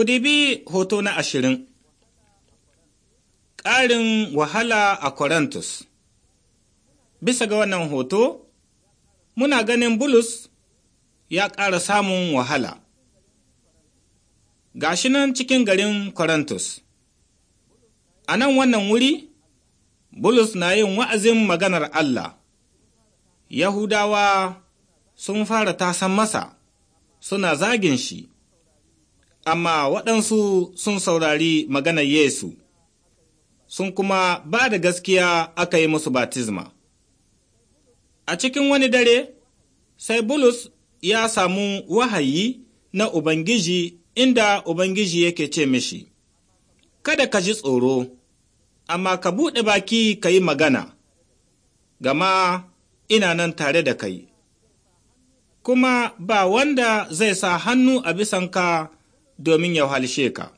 Ku dibi hoto na ashirin, ƙarin wahala a Corinthus. Bisa ga wannan hoto, muna ganin Bulus ya ƙara samun wahala. Gashi nan cikin garin Corinthus. A nan wannan wuri, Bulus na yin wa'azin maganar Allah, Yahudawa sun fara tasan masa, suna zagin shi. amma waɗansu sun saurari maganar Yesu, sun kuma ba da gaskiya aka yi musu batizma. A cikin wani dare, sai Bulus ya samu wahayi na Ubangiji inda Ubangiji yake ce mishi, Kada ka ji tsoro, amma ka buɗe baki ka yi magana, gama ina nan tare da kai, kuma ba wanda zai sa hannu a bisanka domin ya halshe ka.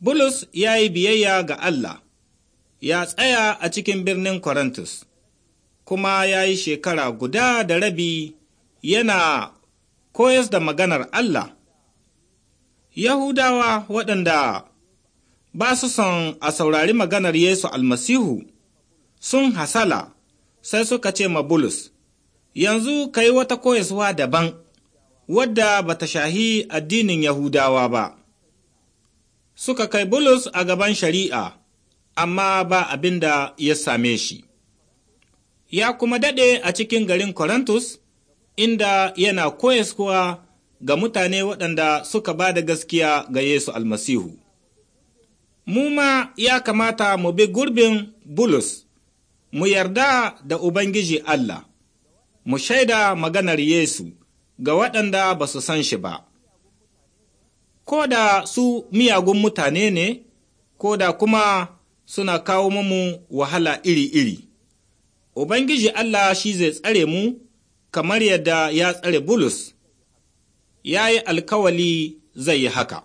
Bulus ya yi biyayya ga Allah, ya tsaya a cikin birnin Korintus, kuma ya yi shekara guda da rabi yana koyas da maganar Allah. Yahudawa waɗanda ba su son a saurari maganar Yesu almasihu sun hasala sai suka ce ma Bulus, Yanzu ka yi wata koyaswa daban. wadda ba ta shahi addinin Yahudawa ba. Suka kai Bulus a gaban shari'a, amma ba abin da ya same shi. Ya kuma daɗe a cikin garin Korintus, inda yana koyaskuwa ga mutane waɗanda suka ba da gaskiya ga Yesu almasihu. Mu ma ya kamata mu bi gurbin Bulus, mu yarda da Ubangiji Allah, mu shaida maganar Yesu. ga waɗanda ba su san shi ba. Ko da su miyagun mutane ne, ko da kuma suna kawo mamu wahala iri-iri. Ubangiji Allah shi zai tsare mu kamar yadda ya tsare Bulus, ya yi alkawali zai yi haka.